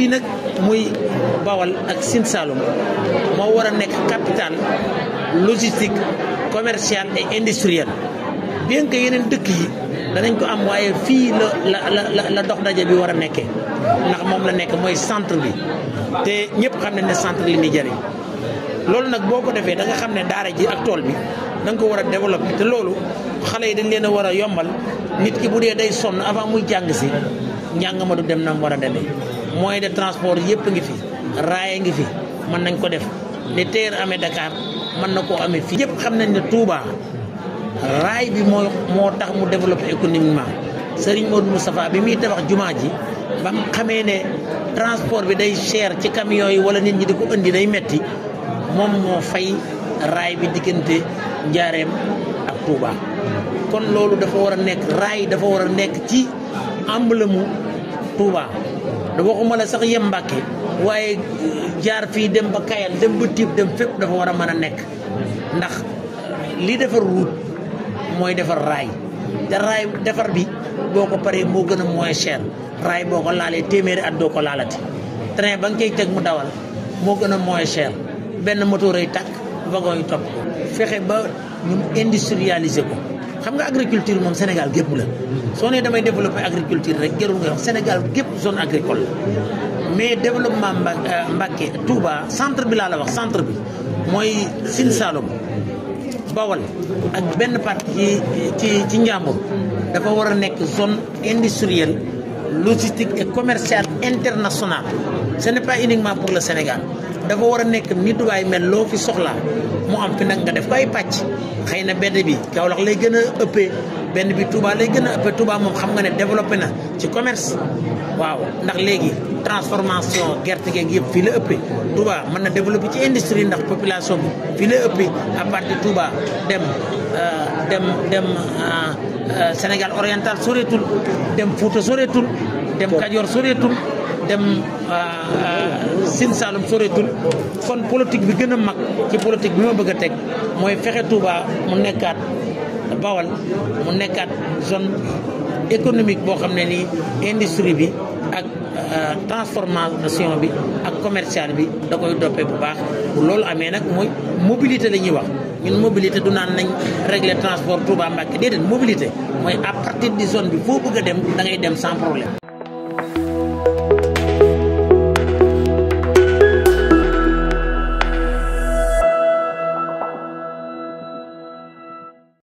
lii nag muy Bawal ak Sine moo war a nekk capitale logistique commerciale et industrielle bien que yeneen dëkk yi danañ ko am waaye fii la la la dox daje bi war a nekkee ndax moom la nekk mooy centre bi te ñëpp xam ne ne centre li muy loolu nag boo ko defee da xam ne daara ji ak tool bi da ko war a développer te loolu xale yi dañ leen a war a yombal nit ki bu dee day sonn avant muy jàng si njàng ma du dem na mu war a demee. mooy de transport yëpp ngi fi raaya ngi fi mën nañ ko def li teer amee dakaar mën na koo amee fii. yëpp xam nañ ne Touba raay bi moo moo tax mu développé économiquement Serigne Modou Moustapha bi muy tabax jumaa ji ba xamee ne transport bi day cher ci camion yi wala nit ñi di ko indi day metti moom moo fay raay bi diggante Njaareem ak Touba. kon loolu dafa war a nekk raay dafa war a nekk ci emblème mu Touba. waxuma la sax yem Mbàkke waaye jaar fii dem ba Kayal dem ba Tiib dem fépp dafa war a mën a nekk ndax li defar route mooy defar raay te raay defar bi boo ko paree moo gën a moins cher raay boo ko laalee téeméeri at doo ko laalati train ba nga koy teg mu dawal moo gën a moins cher benn moto rey tàkk wagon yi topp fexe ba ñu industrialiser ko xam nga agriculture moom Sénégal gépp la soo nee damay développer agriculture rek jarul nga wax Sénégal gépp zone agricole la mais développement Mba euh, Mbacké Touba centre bi laa la wax centre bi mooy Sine Saloum Bawol ak benn partie ci ci Njàmbur dafa war a nekk zone industrielle logistique et commerciale internationale ce n'est pas uniquement pour le Sénégal dafa war a nekk ni Dubaay mel loo fi soxlaa mu am fi nag nga def ko ay pàcc xëy na benn bi Kaolack lay gën a ëppee benn bi Touba lay gën a ëppee Touba moom xam nga ne développé na ci commerce waaw ndax léegi transformation gerte gee geeg yëpp fii la ëppee Touba mën na développé ci industrie ndax population bi fii la ëppee à partir Touba dem euh, dem dem euh, euh, Sénégal oriental soreetul dem Fouta soreetul dem Kajoor soreetul dem euh, euh, Sine Saalum soreetul kon politique bi gën a mag ci politique bi ma bëgg a teg mooy fexe Touba mu nekkaat Bawal mu nekkaat zone économique boo xam ne nii industrie bi ak euh, transformation bi ak commercial bi da koy doppee bu baax loolu amee nag mooy mobilité la ñuy wax ñun mobilité du naan nañ régler transport Touba Mbacké déedéet mobilité mooy à partir di zone bi foo bëgg dem da ngay dem sans problème